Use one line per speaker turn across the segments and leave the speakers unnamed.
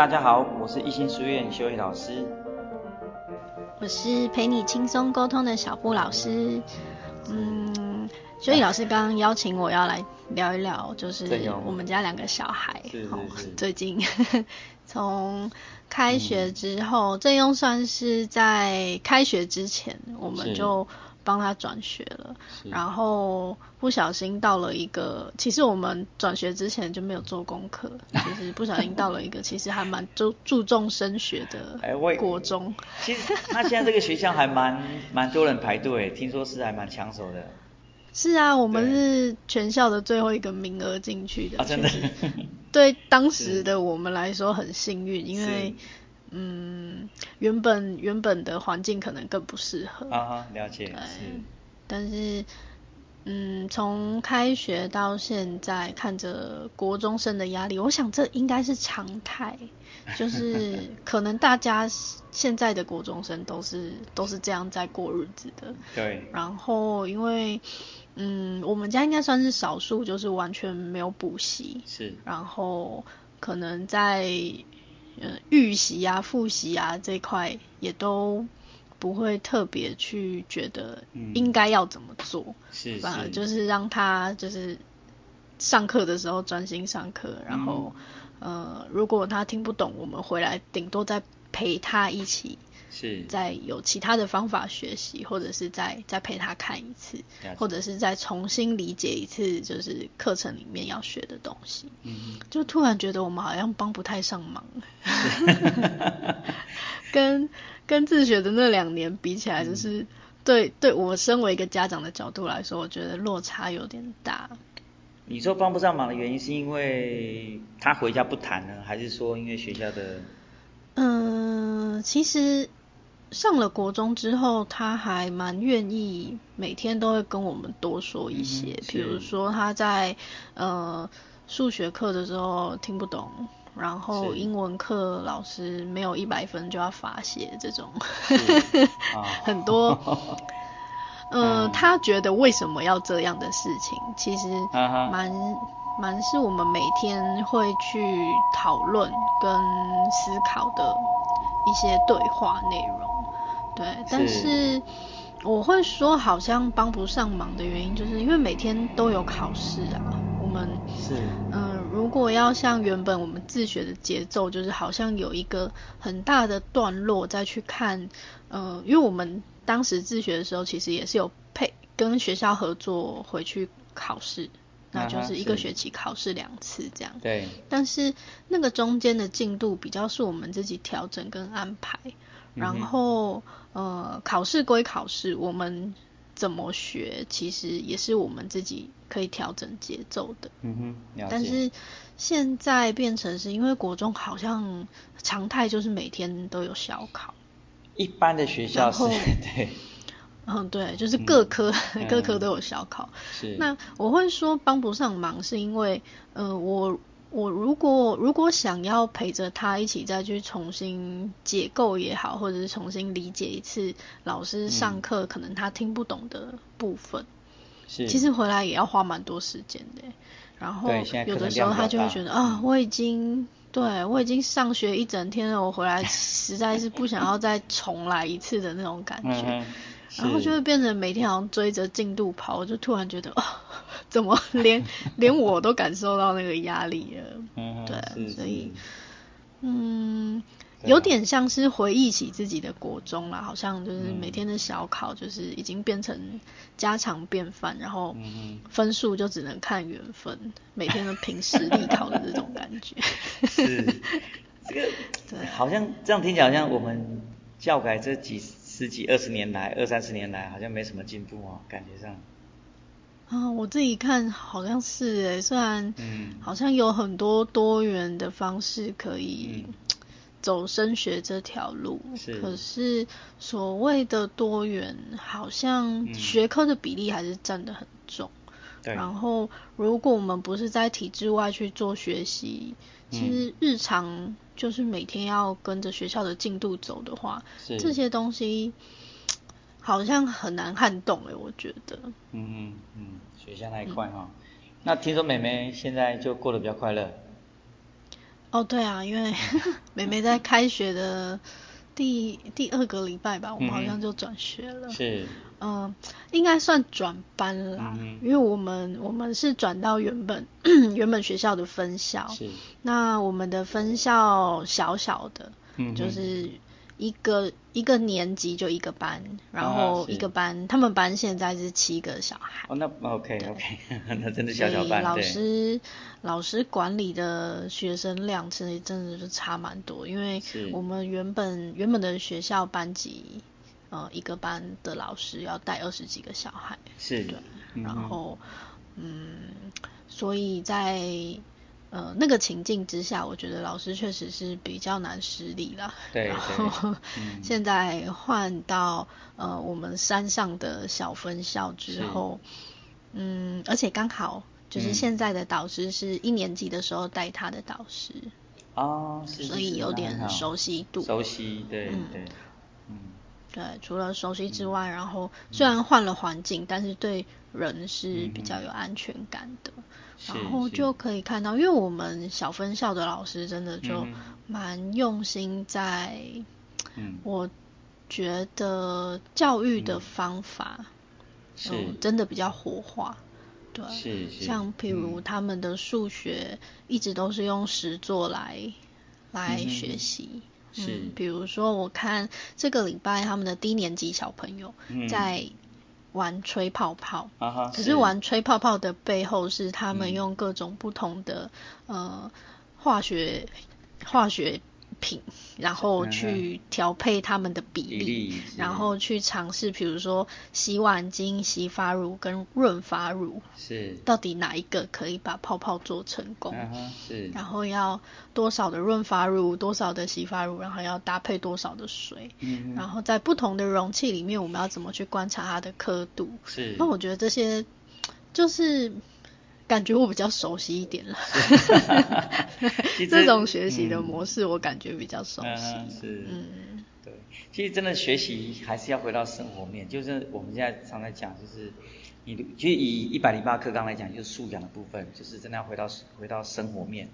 大家好，我是一
心書院修一老師。我是陪你輕鬆溝通的小布老師。嗯，修一老師剛剛邀請我要來聊一聊，就是我們家兩個小孩。是是是哦、是是最近從開學之後，嗯、正庸算是在開學之前，我們就。幫他轉學了，然後不小心到了一個，其實我們轉學之前就沒有做功課，就是不小心到了一個其實還蠻就注重升學的國中。 欸、其實
那現在這個學校還蠻蠻多人排隊， 聽說是還蠻搶手的。
是啊，我們是全校的最後一個名額進去的。啊，真的。對當時的我們來說很幸運，因為。嗯，原本原本的環境可能更不適合啊哈，
了解，是。
但是，嗯，從開學到現在，看着國中生的壓力，我想這應該是常態，就是 可能大家現在的國中生都是都是這樣在過日子的。對。然後，因為嗯，我們家應該算是少數，就是完全沒有補習。是。然後，可能在。嗯，預習啊、複習啊這塊也都不會特別去覺得應該要怎麼做，嗯、是吧？就是讓他就是上課的時候專心上課，然後、嗯、呃，如果他聽不懂，我們回來頂多再陪他一起。是再有其他的方法學習，或者是再再，再陪他看一次，或者是再重新理解一次，就是課程裡面要學的東西。嗯，就突然覺得我們好像幫不太上忙。哈哈哈！ 跟跟自學的那兩年比起來，就是、嗯、對對我身為一個家長的角度來說，我覺得落差有點大。
你說幫不上忙的原因是因為他回家不談呢，還是說因為學校的？嗯，
其實。上了國中之後，他還蠻願意每天都會跟我們多說一些，嗯、比如說他在呃數學課的時候聽不懂，然後英文課老師沒有一百分就要罰寫這種， 啊、 很多，呃，他覺得為什麼要這樣的事情，嗯、其實蠻蠻是我們每天會去討論跟思考的一些對話內容。對，但是我會說好像幫不上忙的原因，就是因為每天都有考試啊。我們是嗯、呃，如果要像原本我們自學的節奏，就是好像有一個很大的段落再去看，呃，因為我們當時自學的時候，其實也是有配跟學校合作回去考試，啊、那就是一個學期考試兩次這樣。對，但是那個中間的進度比較是我們自己調整跟安排。然後，呃，考試歸考試，我們怎麼學，其實也是我們自己可以調整節奏的。嗯
哼，了解。但是
現在變成是，因為國中好像常態就是每天都有小考。
一般的學校是。對。
嗯，對，就是各科、嗯、各科都有小考、嗯。是。那我會說幫不上忙，是因為，呃，我。我如果，如果想要陪着他一起再去重新解構也好，或者是重新理解一次老師上課可能他聽不懂的部分，是、
嗯、其實
回來也要花蠻多時間的。然後有的時候他就會覺得啊，我已經對我已經上學一整天了，我回來實在是不想要再重來一次的那種感覺，嗯、然後就會變成每天好像追着進度跑，我就突然覺得啊。哦 怎麼連連我都感受到那個壓力了？ 對， 是是所以嗯、啊，有點像是回憶起自己的國中啦。好像就是每天的小考就是已經變成家常便飯，然後分數就只能看緣分， 每天都憑實力考的這種感覺。 是，這個
對、欸，好像這樣聽起來，好像我們教改這幾十幾二十年來，二三十年來，好像沒什麼進步哦，感覺上。
啊，我自己看好像是哎，雖然好像有很多多元的方式可以走升學這條路，可是所謂的多元，好像學科的比例還是占得很重。對。然後，如果我們不是在體制外去做學習，其實日常就是每天要跟着學校的進度走的話，這些東西。好像很難撼動哎，我覺得。嗯嗯
嗯，學校那一塊哈。那聽說妹妹現在就過得比較快樂。
哦，對啊，因為妹妹在開學的第第二個禮拜吧、嗯，我們好像就轉學了。是。呃、應該算轉班，嗯，應該算轉班啦，因為我們我們是轉到原本原本學校的分校。是。那我們的分校小小，小的，嗯，就是。一個一個年級就一個班，啊、然後一個班，他們班現在是七個小
孩。哦、oh, okay，那 OK OK， 那真的小小班。所以老師
老師管理的學生量其實真的是差蠻多，因為我們原本原本的學校班級，呃，一個班的老師要帶二十幾個小孩。是。對。嗯、然後，嗯，所以在。呃，那個情境之下，我覺得老師確實是比較難施力了。對，對，然後、嗯、現在換到呃我們山上的小分校之後，嗯，而且剛好就是現在的導師是一年級的時候帶他的導師。
啊、嗯，所以有點熟悉度。哦、熟悉，對
對。嗯，對，除了熟悉之外，嗯、然後雖然換了環境、嗯，但是對人是比較有安全感的。嗯然後就可以看到是是，因為我們小分校的老師真的就蠻用心在，我覺得教育的方法，嗯，真的比較活化，是是對是是，像譬如他們的數學一直都是用實作來來學習
是是，嗯，
比如說我看這個禮拜他們的低年級小朋友在玩吹泡泡，只、啊哈、是玩吹泡泡的背後，是他們用各種不同的、嗯、呃化學化學化學品，然後去調配它們的比
例，嗯，
然後去嘗試，比如說洗碗精、洗髮乳跟潤髮乳，是到底哪一個可以把泡泡做成功，嗯。是，然後要多少的潤髮乳，多少的洗髮乳，然後要搭配多少的水，嗯，然後在不同的容器裡面，我們要怎麼去觀察它的刻度？是，那我覺得這些就是。感覺我比較熟悉一點了哈哈，嗯，這種學習的模式我感覺
比較熟悉，嗯。是，嗯，對。其實真的學習還是要回到生活面，就是我們現在常在講，就是你以一百零八課綱來講，就是素養的部分，就是真的要回到回到生活面。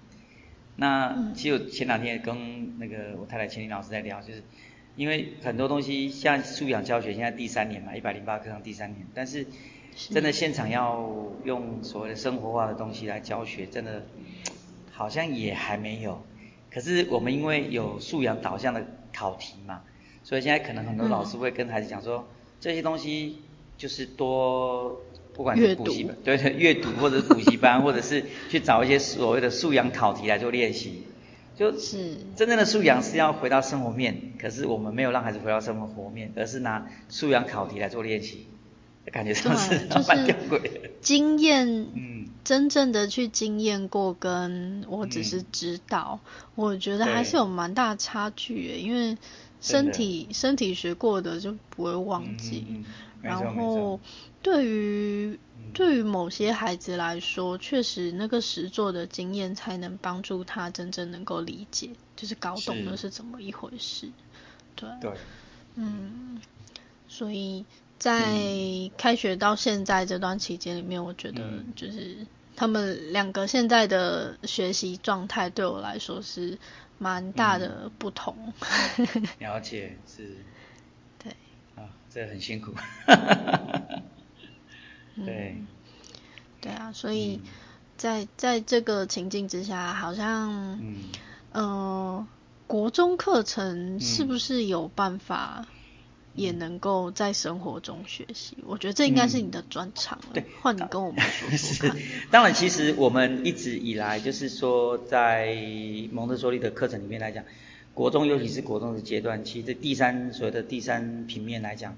那其實我前兩天跟那個我太太秦林老師在聊，就是因為很多東西像素養教學現在第三年嘛，一百零八課綱第三年，但是。真的現場要用所謂的生活化的東西來教學，真的好像也還沒有。可是我們因為有素養導向的考題嘛，所以現在可能很多老師會跟孩子講說、嗯，這些東西就是多不管是補習班，對對閱讀或者是補習班， 或者是去找一些所謂的素養考題來做練習。就是真正的素養是要回到生活面，可是我們沒有讓孩子回到生活活面，而是拿素養考題來做練習。感覺上是半吊、就是、
經驗、嗯，真正的去經驗過，跟我只是知道、嗯，我覺得還是有蠻大差距，因為身體身體學過的就不會忘記。嗯、然後對於、嗯、對於某些孩子來說，確、嗯、實那個實做的經驗才能幫助他真正能夠理解，就是搞懂了是怎麼一回事。對，對嗯。嗯，所以。在開學到現在這段期間裡面，我覺得就是、嗯、他們兩個現在的學習狀態對我來說是蠻大的不同。嗯、
了解是。對。啊，這很辛苦。 嗯、
對。對啊，所以在、嗯、在這個情境之下，好像，嗯，呃、國中課程是不是有辦法？嗯也能夠在生活中學習，我覺得這應該是你的專長，嗯，對，換你跟我們說
說看 是，當然，其實我們一直以來就是說，在蒙特梭利的課程裡面來講，國中尤其是國中的階段，其實這第三、所謂的第三平面來講，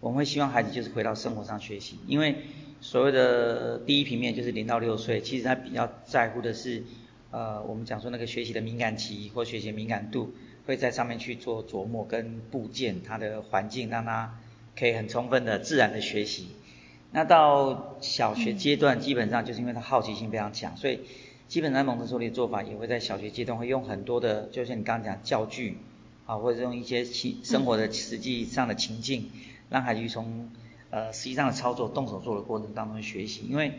我們會希望孩子就是回到生活上學習，因為所謂的第一平面就是零到六歲，其實他比較在乎的是呃，我們講說那個學習的敏感期或學習敏感度。會在上面去做琢磨，跟部件它的環境，讓它可以很充分的自然的學習。那到小學階段，基本上就是因為他好奇心非常強，所以基本上蒙特梭利做法也會在小學階段會用很多的，就像你剛剛講教具啊，或者是用一些生活的實際上的情境，嗯、讓孩子從呃實際上的操作、動手做的過程當中學習。因為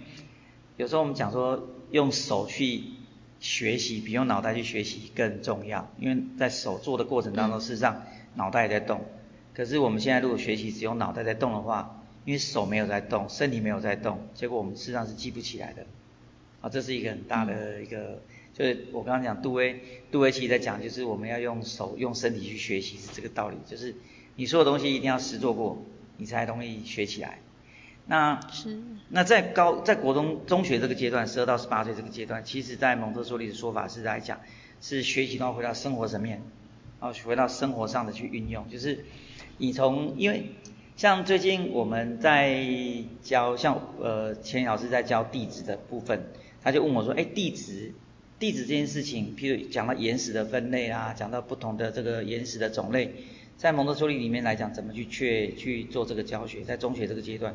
有時候我們講說用手去。學習比用腦袋去學習更重要，因為在手做的過程當中，嗯、事實上腦袋也在動。可是我們現在如果學習只用腦袋在動的話，因為手沒有在動，身體沒有在動，結果我們事實上是記不起來的。啊，這是一個很大的一個，嗯、就是我剛剛講杜威，杜威其實在講，就是我們要用手、用身體去學習是這個道理，就是你所有的東西一定要實做過，你才容易學起來。那那在高在國中中學這個階段，十二到十八歲這個階段，其實在蒙特梭利的說法是在講，是學習到回到生活層面，然後回到生活上的去運用。就是你從因為像最近我們在教，像呃錢老師在教地質的部分，他就問我說，哎、欸，地質地質這件事情，譬如講到岩石的分類啊，講到不同的這個岩石的種類，在蒙特梭利裡面來講，怎麼去確去做這個教學，在中學這個階段。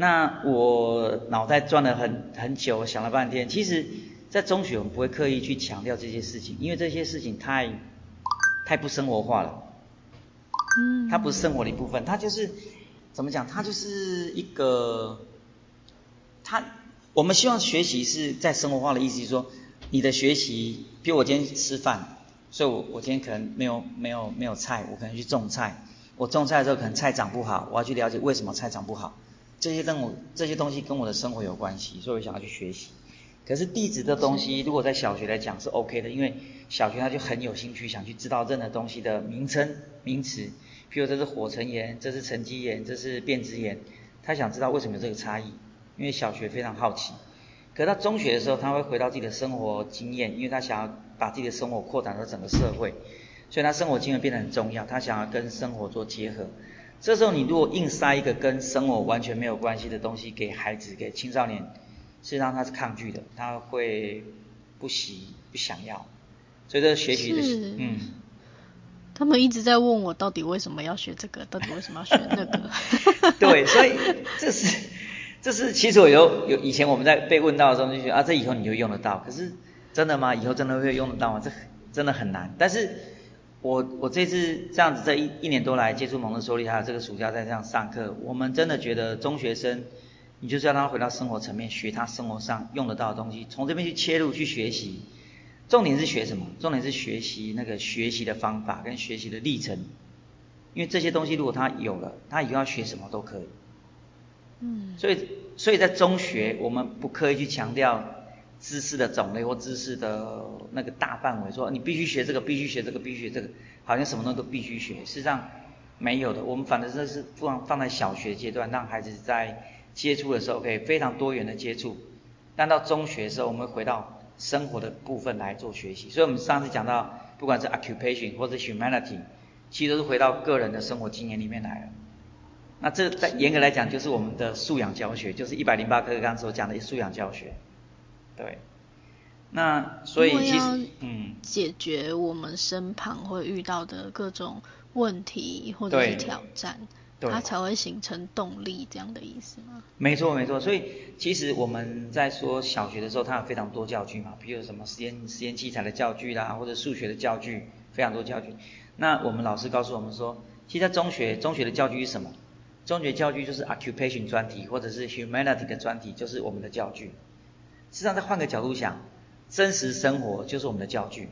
那我腦袋轉了很很久，我想了半天。其實，在中學我們不會刻意去強調這些事情，因為這些事情太、太不生活化了。嗯。它不是生活的一部分，它就是怎麼講？它就是一個，它我們希望學習是在生活化的意思就是說，說你的學習，比如我今天吃飯，所以我我今天可能沒有沒有沒有菜，我可能去種菜。我種菜的時候，可能菜長不好，我要去了解為什麼菜長不好。這些任務這些東西跟我的生活有關係，所以我想要去學習。可是地質的東西，如果在小學來講是 OK 的，因為小學他就很有興趣，想去知道任何東西的名稱、名詞。譬如這是火成岩，這是沉積岩，這是變質岩。他想知道為什麼有這個差異，因為小學非常好奇。可到中學的時候，他會回到自己的生活經驗，因為他想要把自己的生活擴展到整個社會，所以他生活經驗變得很重要。他想要跟生活做結合。這時候你如果硬塞一個跟生活完全沒有關係的東西給孩子給青少年，事實上他是抗拒的，他會不喜不想要。所以這學習的是，嗯。
他們一直在問我到底為什麼要學這個，到底為什麼要學那個。
對，所以這是這是其實我有有以前我們在被問到的時候就覺得啊這以後你就用得到，可是真的嗎？以後真的會用得到嗎？這真的很難，但是。我我這次這樣子這一一年多來接觸蒙特梭利，還有這個暑假在這樣上課，我們真的覺得中學生，你就是要讓他回到生活層面，學他生活上用得到的東西，從這邊去切入去學習。重點是學什麼？重點是學習那個學習的方法跟學習的歷程，因為這些東西如果他有了，他以後要學什麼都可以。嗯。所以所以在中學，我們不刻意去強調。知識的種類或知識的那個大範圍，說你必須學這個、必須學這個，必須學這個，必須學這個，好像什麼東西都必須學。事實上沒有的，我們反正這是放放在小學階段，讓孩子在接觸的時候可以非常多元的接觸。但到中學的時候，我們會回到生活的部分來做學習。所以我們上次講到，不管是 occupation 或者 humanity，其實都是回到個人的生活經驗裡面來了。那這在嚴格來講，就是我們的素養教學，就是一百零八課剛所講的素養教學。對，那所以其實，嗯，解
決我們身旁會遇到的各種問題或者是挑戰，
對，對，它才
會形成動力，這樣的意思嗎？
沒錯沒錯，所以其實我們在說小學的時候，它有非常多教具嘛，比如什麼實驗實驗器材的教具啦，或者數學的教具，非常多教具。那我們老師告訴我們說，其實在中學中學的教具是什麼？中學教具就是 occupation 專題或者是 humanity 的專題，就是我們的教具。實際上，再換個角度想，真實生活就是我們的教具。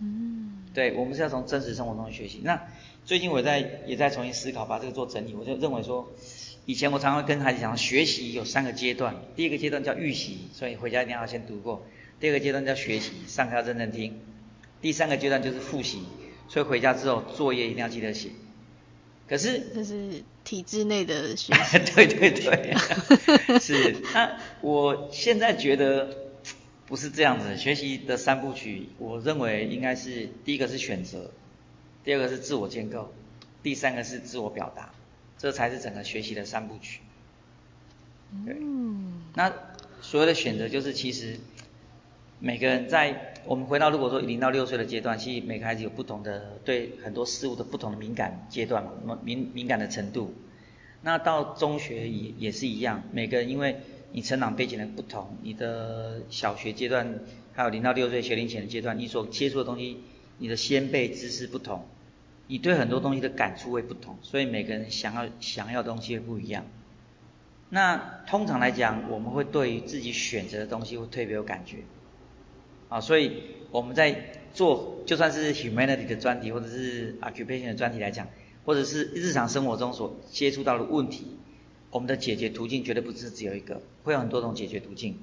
嗯，對，我們是要從真實生活中學習。那最近我在也在重新思考，把這個做整理，我就認為說，以前我常常跟孩子講，學習有三個階段，第一個階段叫預習，所以回家一定要先讀過；第二個階段叫學習，上課要認真聽；第三個階段就是複習，所以回家之後作業一定要記得寫。可是，這
是體制內的學習。 對對對， 是。那
我現在覺得不是這樣子，學習的三部曲，我認為應該是第一個是選擇，第二個是自我建構，第三個是自我表達，這才是整個學習的三部曲。嗯，那所有的選擇就是其實。每個人在我們回到如果說零到六歲的階段，其實每個孩子有不同的對很多事物的不同的敏感階段嘛，敏敏感的程度。那到中學也也是一樣，每個人因為你成長背景的不同，你的小學階段還有零到六歲學齡前的階段，你所接觸的東西，你的先備知識不同，你對很多東西的感觸會不同，所以每個人想要想要的東西會不一樣。那通常來講，我們會對於自己選擇的東西會特別有感覺。啊，所以我們在做，就算是 humanity 的專題，或者是 occupation 的專題來講，或者是日常生活中所接觸到的問題，我們的解決途徑絕對不是只有一個，會有很多種解決途徑。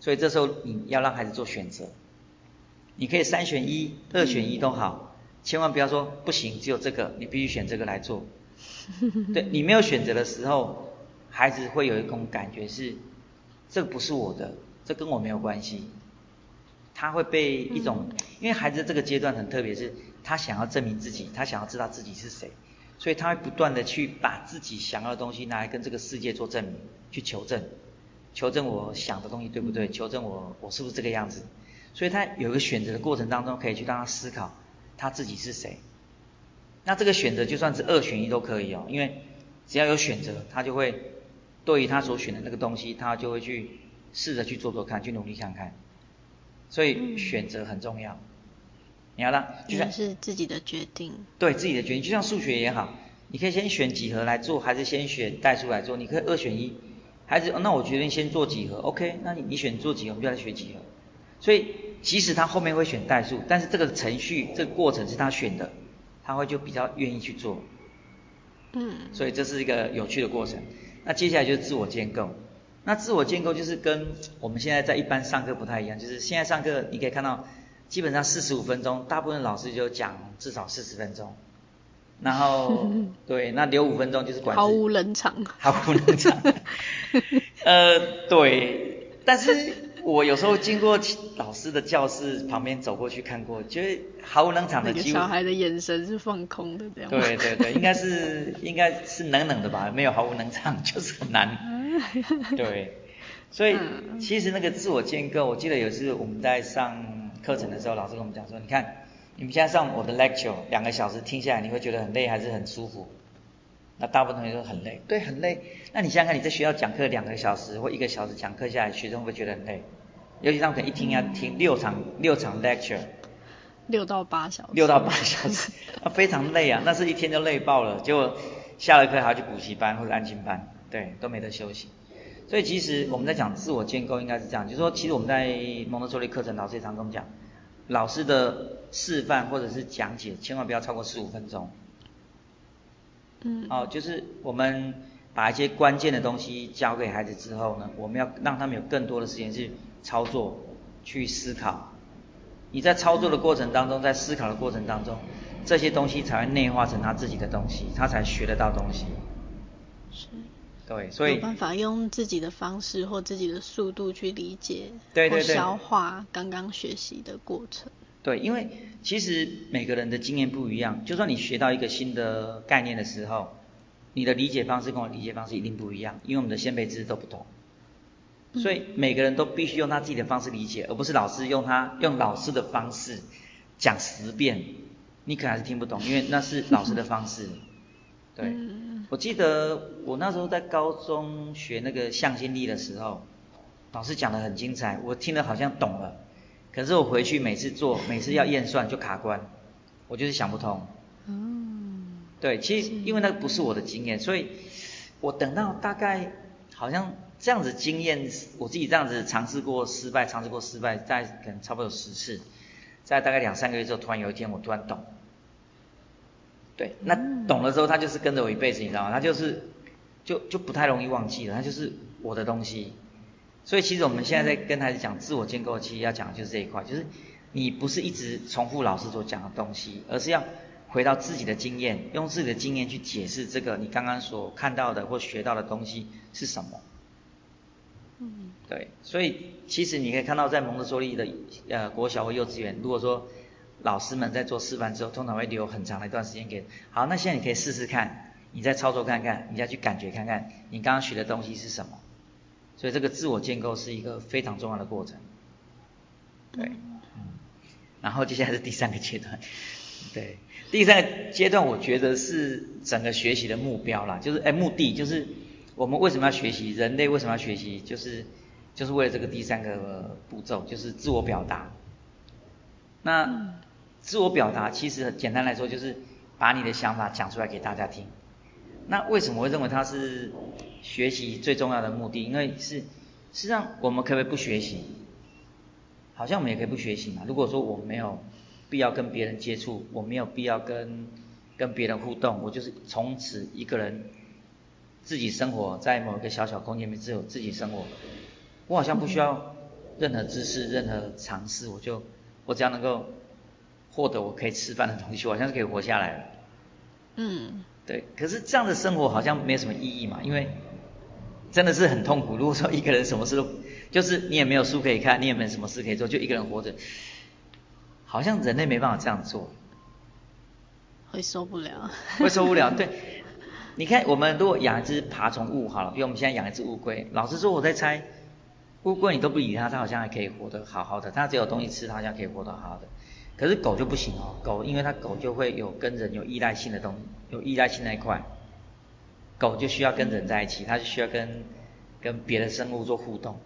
所以這時候你要讓孩子做選擇，你可以三選一、二選一都好，千萬不要說不行，只有這個，你必須選這個來做。對，你沒有選擇的時候，孩子會有一種感覺是，這個不是我的，這跟我沒有關係。他會被一種，因為孩子這個階段很特別是，是他想要證明自己，他想要知道自己是誰，所以他會不斷的去把自己想要的東西拿來跟這個世界做證明，去求證，求證我想的東西對不對，求證我我是不是這個樣子，所以他有一個選擇的過程當中，可以去讓他思考他自己是誰。那這個選擇就算是二選一都可以哦，因為只要有選擇，他就會對於他所選的那個東西，他就會去試着去做做看，去努力看看。所以選擇很重要，你要讓就是自己的決定，對自己的決定，就像數學也好，你可以先選幾何來做，還是先選代數來做，你可以二選一。還是、哦，那我決定先做幾何，OK？那你你選做幾何，我們就來學幾何。所以即使他後面會選代數，但是這個程序、這個過程是他選的，他會就比較願意去做。嗯，所以這是一個有趣的過程。那接下來就是自我建構。那自我建構就是跟我們現在在一般上課不太一樣，就是現在上課你可以看到，基本上四十五分鐘，大部分老師就講至少四十分鐘，然後對，那留五分鐘就是管理。毫
無冷場。
毫無冷場。 呃，對，但是我有時候經過老師的教室旁邊走過去看過，就是毫無冷場的機會。那個、小孩
的眼神是放空的，這樣。對對對，應該是
應該是冷冷的吧，沒有毫無冷場，就是很難。 對，所以其實那個自我建構，嗯、我記得有一次我們在上課程的時候，老師跟我們講說，你看你們現在上我的 lecture 兩個小時，聽下來你會覺得很累，還是很舒服？那大部分同學都很累。對，很累。那你想想看，你在學校講課兩個小時或一個小時講課下來，學生會不會覺得很累？尤其他們可能一聽要聽六場六場 lecture，
六到八小時。六到八
小時，那、 啊、非常累啊！那是一天就累爆了。結果下了課還要去補習班或者安親班。對，都沒得休息，所以其實我們在講自我建構應該是這樣，就是說，其實我們在蒙特梭利課程，老師也常跟我們講，老師的示範或者是講解，千萬不要超過十五分鐘。嗯。哦，就是我們把一些關鍵的東西教給孩子之後呢，我們要讓他們有更多的時間去操作、去思考。你在操作的過程當中，在思考的過程當中，這些東西才會內化成他自己的東西，他才學得到東西。是。對，所以沒辦法
用自己的方式或自己的速度去理解，對對對，或消化剛剛學習的過程。
對，因為其實每個人的經驗不一樣，就算你學到一個新的概念的時候，你的理解方式跟我的理解方式一定不一樣，因為我們的先備知識都不同。嗯。所以每個人都必須用他自己的方式理解，而不是老師用他用老師的方式講十遍，你可能還是聽不懂，因為那是老師的方式。嗯、對。嗯我記得我那時候在高中學那個向心力的時候，老師講得很精彩，我聽了好像懂了，可是我回去每次做，每次要驗算就卡關，我就是想不通。嗯，對，其實因為那個不是我的經驗，所以我等到大概好像這樣子經驗，我自己這樣子嘗試過失敗，嘗試過失敗，可能差不多有十次，在大概兩三個月之後，突然有一天我突然懂對，那懂了之後，他就是跟着我一輩子，你知道嗎？他就是，就就不太容易忘記了，他就是我的東西。所以其實我們現在在跟孩子講自我建構，其實要講的就是這一塊，就是你不是一直重複老師所講的東西，而是要回到自己的經驗，用自己的經驗去解釋這個你剛剛所看到的或學到的東西是什麼。嗯，對。所以其實你可以看到，在蒙特梭利的呃國小和幼稚園，如果說。老師們在做示範之後，通常會留很長的一段時間給。好，那現在你可以試試看，你再操作看看，你再去感覺看看，你剛剛學的東西是什麼。所以這個自我建構是一個非常重要的過程。對。
嗯。
然後接下來是第三個階段。對。第三個階段，我覺得是整個學習的目標啦，就是哎、欸，目的就是我們為什麼要學習，人類為什麼要學習，就是就是為了這個第三個步驟，就是自我表達。那。自我表達其實很簡單來說，就是把你的想法講出來給大家聽。那為什麼會認為它是學習最重要的目的？因為是實際上我們可不可以不學習？好像我們也可以不學習嘛。如果說我沒有必要跟別人接觸，我沒有必要跟跟別人互動，我就是從此一個人自己生活在某一個小小空間裡面，只有自己生活，我好像不需要任何知識、任何嘗試，我就我只要能夠。獲得我可以吃飯的東西，好像是可以活下來了。嗯，對。可是這樣的生活好像沒什麼意義嘛，因為真的是很痛苦。如果說一個人什麼事都，就是你也沒有書可以看，你也沒有什麼事可以做，就一個人活着，好像人類沒辦法這樣做。
會受不了。會受不了。對。
你看，我們如果養一隻爬蟲物好了，比如我們現在養一隻烏龜。老實說，我在猜，烏龜你都不理它，它好像還可以活得好好的。它只有東西吃，它好像可以活得好好的。可是狗就不行哦，狗因為它狗就會有跟人有依賴性的東西，有依賴性那一塊，狗就需要跟人在一起，它就需要跟跟別的生物做互動，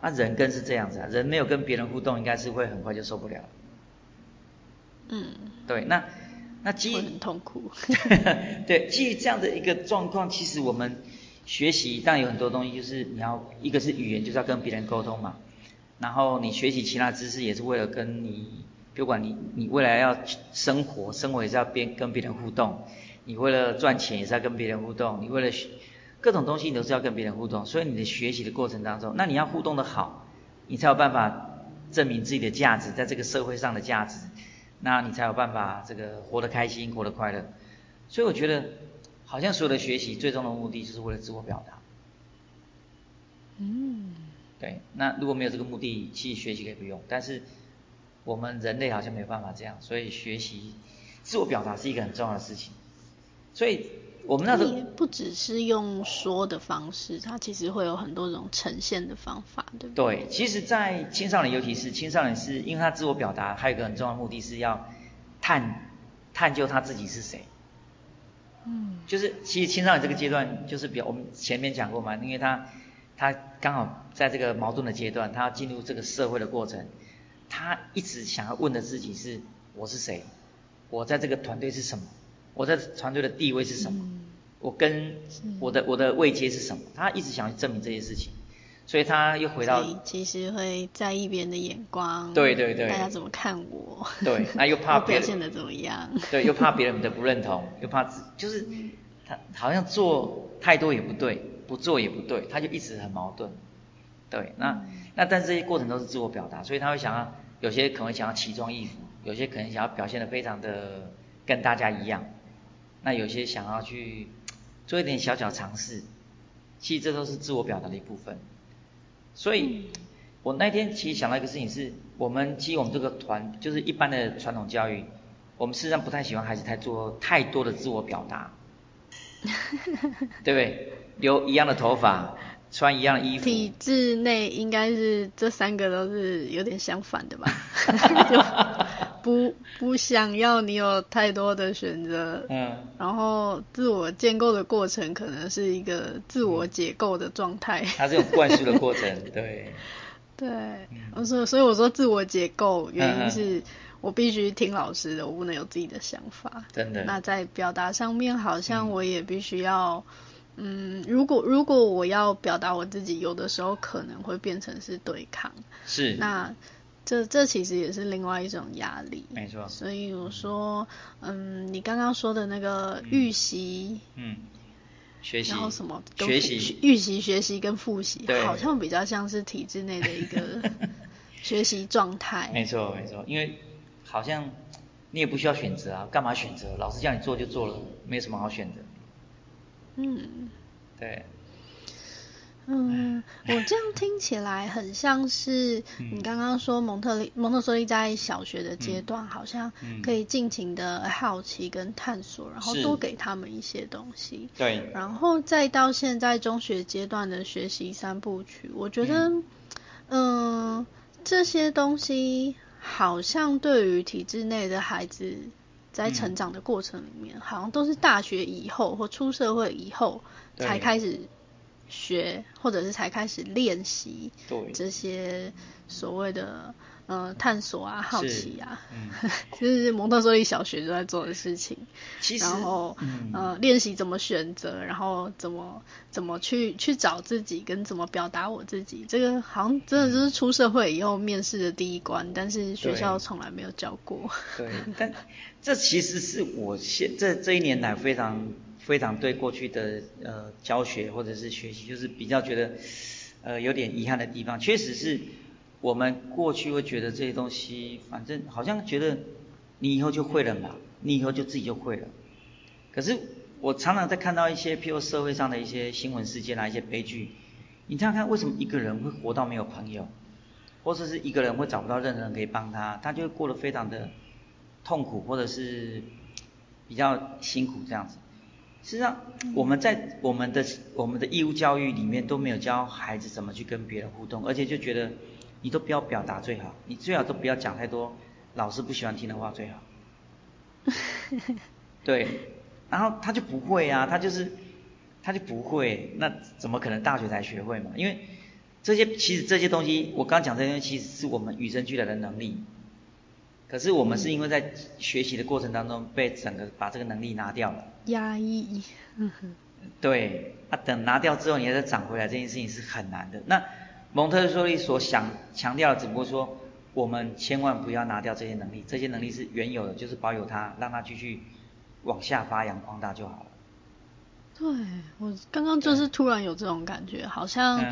那、啊、人更是這樣子啊，人沒有跟別人互動，應該是會很快就受不了了。嗯，對，那那基於很痛苦， 對，基於這樣的一個狀況，其實我們學習，當然有很多東西就是你要一個是語言，就是要跟別人溝通嘛，然後你學習其他知識也是為了跟你。不管你，你未來要生活，生活也是要跟跟別人互動；你為了賺錢也是要跟別人互動；你為了學各種東西，你都是要跟別人互動。所以你的學習的過程當中，那你要互動的好，你才有辦法證明自己的價值，在這個社會上的價值，那你才有辦法這個活得開心，活得快樂。所以我覺得，好像所有的學習最終的目的就是為了自我表達。嗯，對。那如果沒有這個目的去學習，可以不用，但是。我們人類好像沒有辦法這樣，所以學習自我表達是一個很重要的事情。所以我們那時候
不只是用說的方式，它其實會有很多種呈現的方
法，對不對？對，其實，在青少年，尤其是青少年，是因為他自我表達還有一個很重要的目的是要探探究他自己是誰。嗯，就是其實青少年這個階段，就是比較我們前面講過嘛，因為他他剛好在這個矛盾的階段，他要進入這個社會的過程。他一直想要問的自己是：我是誰？我在這個團隊是什麼？我在團隊的地位是什麼？嗯、我跟我的我的位階是什麼？他一直想要證明這些事情，所以他又回到
其實會在意別人的眼光，對對對，大家怎麼看我？對，那又怕 表現得怎麼樣？
對，又怕別人的不認同，又怕就是他好像做太多也不對，不做也不對，他就一直很矛盾。對，那、嗯、那但是這些過程都是自我表達，所以他會想要。嗯有些可能想要奇裝異服，有些可能想要表現得非常的跟大家一樣，那有些想要去做一點小小嘗試，其實這都是自我表達的一部分。所以我那天其實想到一個事情是，我們其實我們這個團就是一般的傳統教育，我們事實上不太喜歡孩子太做太多的自我表達， 對不對？留一樣的頭髮。穿一樣的衣服，體
制內應該是這三個都是有點相反的吧， 不不想要你有太多的選擇，嗯，然後自我建構的過程可能是一個自我解構的狀態、嗯，它是有灌輸的
過程， 對，
對、嗯，我所所以我說自我解構原因是我必須聽老師的、嗯，我不能有自己的想法，真的，那在表達上面好像我也必須要。嗯，如果如果我要表達我自己，有的時候可能會變成是對抗。是。那這這其實也是另外一種壓力。沒錯。所以我說，嗯，你剛剛說的那個預習，嗯，嗯學習，
然後什麼學習、
預習、學習，學習跟複習，好像比較像是體制內的一個學習狀態。 沒
錯沒錯，因為好像你也不需要選擇啊，幹嘛選擇？老師叫你做就做了，沒有什麼好選擇。
嗯，對，嗯， 我這樣聽起來很像是你剛剛說蒙特利、嗯、蒙特梭利在小學的階段，好像可以盡情的好奇跟探索，嗯、然後多給他們一些東西。對，然後再到現在中學階段的學習三部曲，我覺得，嗯，嗯這些東西好像對於體制內的孩子，在成長的過程裡面，嗯，好像都是大學以後或出社會以後才開始學，或者是才開始練習這些所謂的。嗯、呃，探索啊，好奇啊，是嗯、 就是蒙特梭利小學就在做的事情。其實，然後、嗯、呃，練習怎麼選擇，然後怎麼怎麼去去找自己，跟怎麼表達我自己，這個好像真的就是出社會以後面試的第一關，嗯、但是學校從來沒有教過。對，
對，但這其實是我現這這一年來非常非常對過去的呃教學或者是學習，就是比較覺得呃有點遺憾的地方，確實是。我們過去會覺得這些東西，反正好像覺得你以後就會了嘛，你以後就自己就會了。可是我常常在看到一些譬如社會上的一些新聞事件啊，一些悲劇，你這樣看，看，為什麼一個人會活到沒有朋友，或者是，是一個人會找不到任何人可以幫他，他就會過得非常的痛苦，或者是比較辛苦這樣子。實際上，我們在我們的我們的義務教育裡面都沒有教孩子怎麼去跟別人互動，而且就覺得。你都不要表達最好，你最好都不要講太多老師不喜歡聽的話最好。 對，然後他就不會啊，他就是，他就不會，那怎麼可能大學才學會嘛？因為這些其實這些東西，我剛講這些東西，其實是我們與生俱來的能力。可是我們是因為在學習的過程當中，被整個把這個能力拿掉了。
壓抑。
對，那、啊、等拿掉之後，你再長回來，這件事情是很難的。那。蒙特梭利所想強調的，只不過說，我們千萬不要拿掉這些能力，這些能力是原有的，就是保有它，讓它繼續往下發揚光大就好了。
對，我剛剛就是突然有這種感覺，好像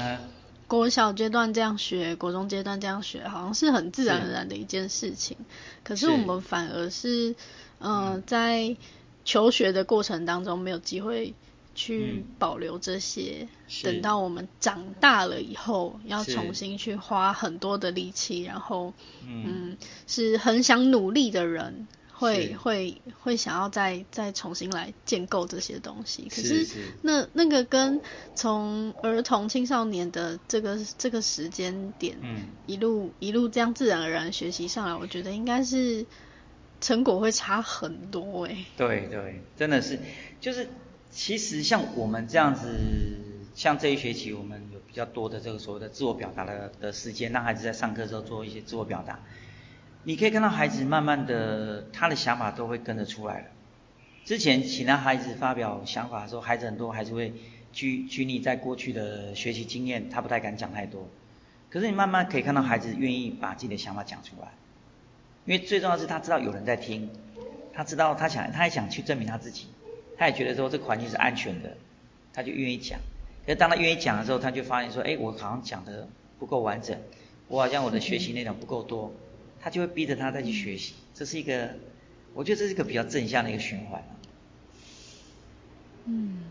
國小階段這樣學，嗯、國中階段這樣學，好像是很自然而然的一件事情。是可是我們反而是，嗯、呃，在求學的過程當中，沒有機會。去保留這些、嗯，等到我們長大了以後，要重新去花很多的力氣，然後嗯，嗯，是很想努力的人，會會會想要再再重新來建構這些東西。可是，是，是那那個跟從兒童青少年的這個這個時間點、嗯，一路一路這樣自然而然學習上來，我覺得應該是成果會差很多誒、欸。
對對，真的是、嗯、就是。其實像我們這樣子，像這一學期，我們有比較多的這個所謂的自我表達的的時間，讓孩子在上課的時候做一些自我表達。你可以看到孩子慢慢的，他的想法都會跟着出來了。之前請他孩子發表想法的時候，孩子很多還是會拘拘泥在過去的學習經驗，他不太敢講太多。可是你慢慢可以看到孩子願意把自己的想法講出來，因為最重要的是他知道有人在聽，他知道他想，他還想去證明他自己。他也覺得說，這個環境是安全的，他就願意講。可是當他願意講的時候，他就發現說，哎，我好像講的不夠完整，我好像我的學習內容不夠多，他就會逼着他再去學習。這是一個，我覺得這是一個比較正向的一個循環。嗯。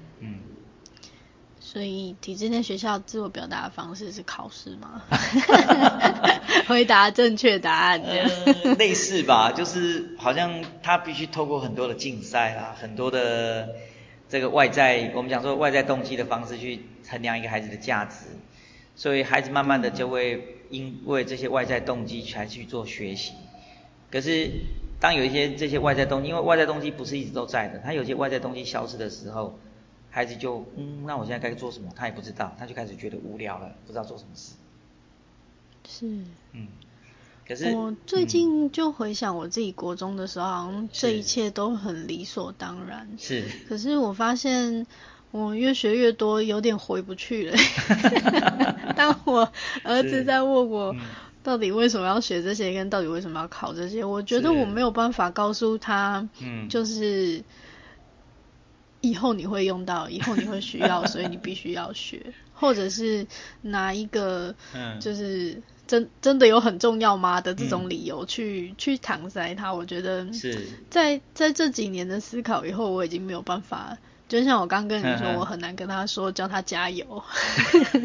所以體制內學校自我表達的方式是考試嗎？ 回答正確答案， 嗯。類似吧，就
是好像他必須透過很多的競賽啊，很多的這個外在，我們講說外在動機的方式去衡量一個孩子的價值，所以孩子慢慢的就會因為這些外在動機才去做學習。可是當有一些這些外在動機，因為外在動機不是一直都在的，他有些外在動機消失的時候。孩子就嗯，那我現在該做什麼？他也不知道，他就開始覺得無聊了，不知道做什麼事。
是。
嗯。可是，我最近
就回想我自己國中的時候，嗯，好像這一切都很理所當然。是。是。可是我發現我越學越多，有點回不去了。 當我兒子在問我到底為什麼要學這些，跟到底為什麼要考這些，我覺得我沒有辦法告訴他，嗯，就是。以後你會用到，以後你會需要，所以你必須要學， 或者是拿一個，嗯，就是真真的有很重要嗎的這種理由去、嗯、去搪塞他。我覺得是，在在這幾年的思考以後，我已經沒有辦法，就像我剛跟你說嗯嗯，我很難跟他說叫他加油，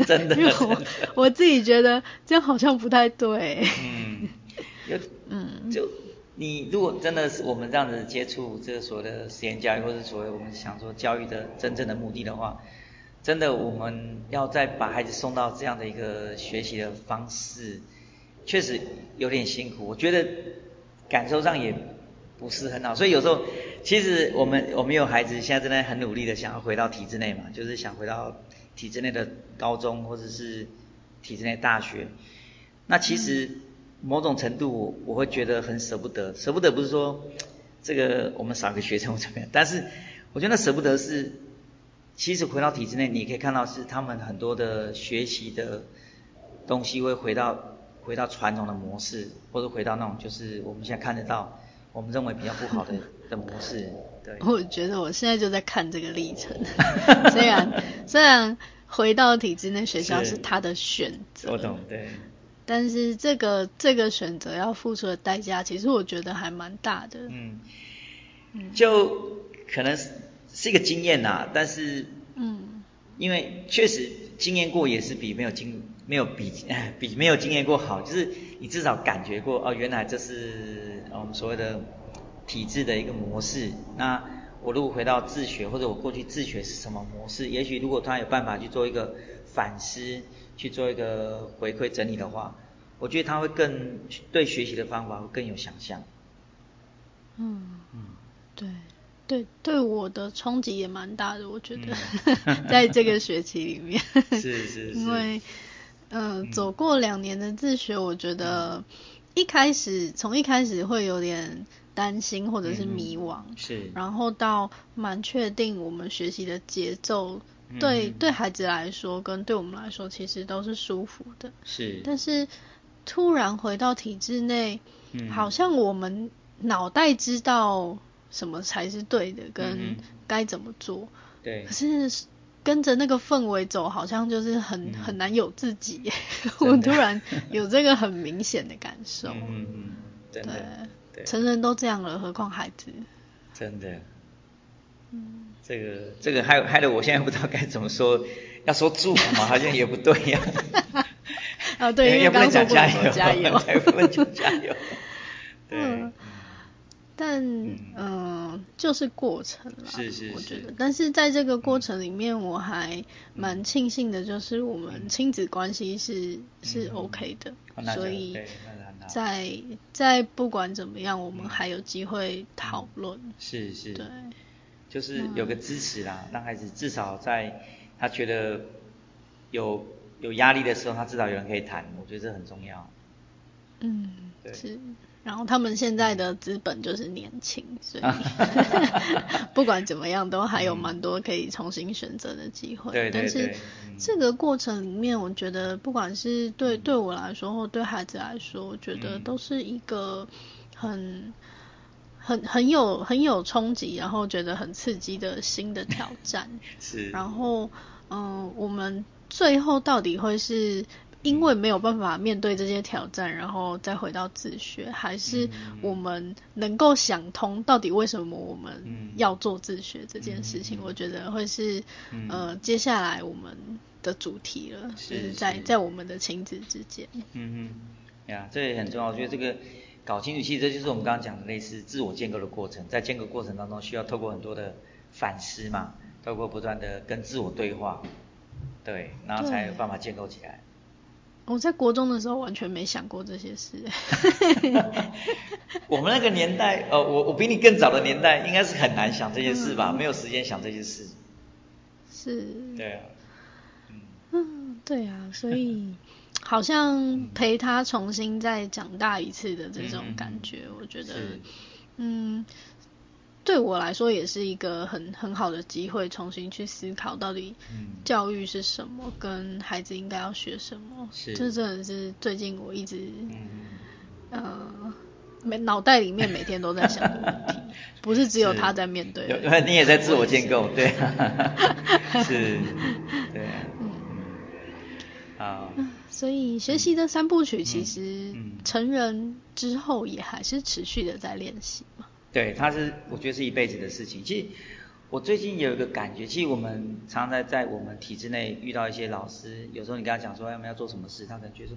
真的，因為我，
我自己覺得這樣好像不太對， 嗯，
就。你如果真的是我們這樣子接觸這個所謂的實驗教育，或是所謂我們想說教育的真正的目的的話，真的我們要再把孩子送到這樣的一個學習的方式，確實有點辛苦。我覺得感受上也不是很好。所以有時候，其實我們我們有孩子現在真的很努力的想要回到體制內嘛，就是想回到體制內的高中或者是，是體制內大學。那其實。某種程度，我會覺得很捨不得。捨不得不是說這個我們少個學生或怎麼樣，但是我覺得捨不得是，其實回到體制內，你可以看到是他們很多的學習的東西會回到回到傳統的模式，或者回到那種就是我們現在看得到，我們認為比較不好的 的模式。對，我
覺得我現在就在看這個歷程。 雖然雖然回到體制內學校是他的選
擇。我懂，對。
但是這個這個選擇要付出的代價，其實我覺得還蠻大的。嗯，
就可能是是一個經驗吶，但是嗯，因為確實經驗過也是比沒有經沒有比比沒有經驗過好，就是你至少感覺過哦、呃，原來這是我們所謂的體制的一個模式。那我如果回到自學，或者我過去自學是什麼模式？也許如果他有辦法去做一個反思。去做一個回饋整理的話，我覺得他會更對學習的方法會更有想象嗯
嗯，對對對，對我的衝擊也蠻大的，我覺得、嗯、 在這個學期裡面。 是是、是。因為嗯、呃，走過兩年的自學、嗯，我覺得一開始從一開始會有點擔心或者是迷惘，嗯嗯、是，然後到蠻確定我們學習的節奏。 對，對孩子來說跟對我們來說其實都是舒服的。是。但是突然回到體制內、嗯，好像我們腦袋知道什麼才是對的，跟該怎麼做。對、嗯嗯。可是跟着那個氛圍走，好像就是很、嗯、很難有自己。 我突然有這個很明顯的感受。嗯 嗯。
對。對。
成人都這樣了，何況孩子。
真的。嗯，這個這個害害得我現在不知道該怎麼說，要說祝福嘛， 好像也不對呀、啊。 啊對，也 不能講加油 加油，再 不能就加油。嗯、
對。嗯但嗯、呃，就是過程啦是是是。我覺得，但是在這個過程裡面，我還蠻慶幸的，就是我們親子關係是、嗯、是 OK 的，嗯、所以
在
在,在不管怎麼樣，我們還有機會
討論、嗯。是是。對。就是有個支持啦、嗯，讓孩子至少在他覺得有有壓力的時候，他至少有人可以談。我覺得這很重要。嗯，
對，是。然後他們現在的資本就是年輕，所以 不管怎麼樣都還有蠻多可以重新選擇的機會。對、嗯、對。但是這個過程裡面，我覺得不管是對對我來說或對孩子來說，我覺得都是一個很。很很有很有衝擊，然後覺得很刺激的新的挑戰。
是。
然後，嗯、呃，我們最後到底會是因為沒有辦法面對這些挑戰，嗯、然後再回到自學，還是我們能夠想通到底為什麼我們要做自學這件事情？嗯嗯嗯嗯嗯、我覺得會是呃接下來我們的主題了，是、是、就是、在在我們的親子之間。嗯
嗯，呀、yeah, 這也很重要。我覺得這個。搞清楚，其實這就是我們剛剛講的類似自我建構的過程，在建構過程當中需要透過很多的反思嘛，透過不斷的跟自我對話，對，然後才有辦法建構起來。
我在國中的時候完全沒想過這些事，
我們那個年代，呃，我我比你更早的年代，應該是很難想這些事吧？嗯。沒有時間想這些事。
是。對啊。嗯嗯，對啊，所以好像陪他重新再長大一次的這種感覺，嗯、我覺得，嗯，對我來說也是一個很很好的機會，重新去思考到底教育是什麼，嗯、跟孩子應該要學什麼，這真的是最近我一直，嗯，呃、每腦袋裡面每天都在想的問題， 不是只有他在面對的，因為你也
在自我建構，對，是，對。
所以學習這三部曲，其實成人之後也還是持續的在練習嘛。
對，他是我覺得是一輩子的事情。其實我最近有一個感覺，其實我們常常在在我們體制內遇到一些老師，有時候你跟他講說、哎、我們要做什麼事，他才覺得說，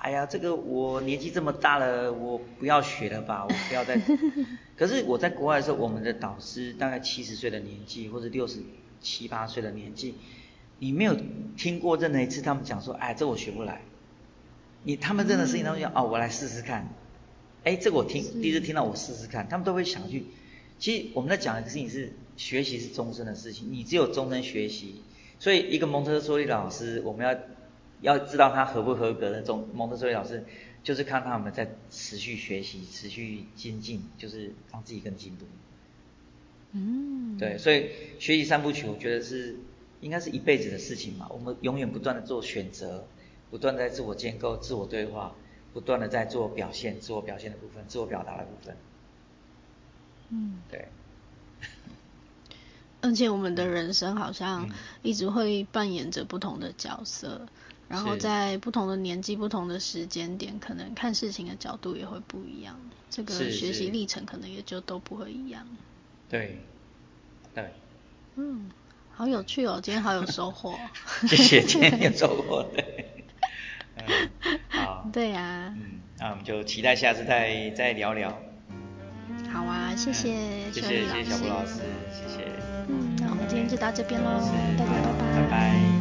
哎呀，這個我年紀這麼大了，我不要學了吧，我不要再。 可是我在國外的時候，我們的導師大概七十歲的年紀，或者六十七八歲的年紀。你沒有聽過任何一次他們講說，哎，這我學不來。你他們任何事情，他們講、嗯，哦，我來試試看。哎，這個我聽第一次聽到，我試試看。他們都會想去、嗯。其實我們在講的事情是學習是終身的事情，你只有終身學習。所以一個蒙特梭利老師，我們要要知道他合不合格的。中蒙特梭利老師就是看他們在持續學習、持續精進，就是讓自己更進步。嗯。對，所以學習三部曲，我覺得是。應該是一輩子的事情嘛，我們永遠不斷的做選擇，不斷在自我建構、自我對話，不斷的在做表現、自我表現的部分、自我表達的部分。嗯，
對。而且我們的人生好像一直會扮演着不同的角色、嗯嗯，然後在不同的年紀、不同的時間點，可能看事情的角度也會不一樣，這個學習歷程可能也就都不會一樣。是是
對，對，嗯。
好有趣哦，今天好有收穫。 謝謝，今天有收
穫 對笑、嗯。好。對呀、啊。嗯，那我們就期待下次再再聊聊。好啊，
謝謝，嗯、謝，謝，謝謝小胡老師，謝謝。嗯，那我們今天就到這邊嘍，大、嗯、家拜拜。
拜拜拜拜。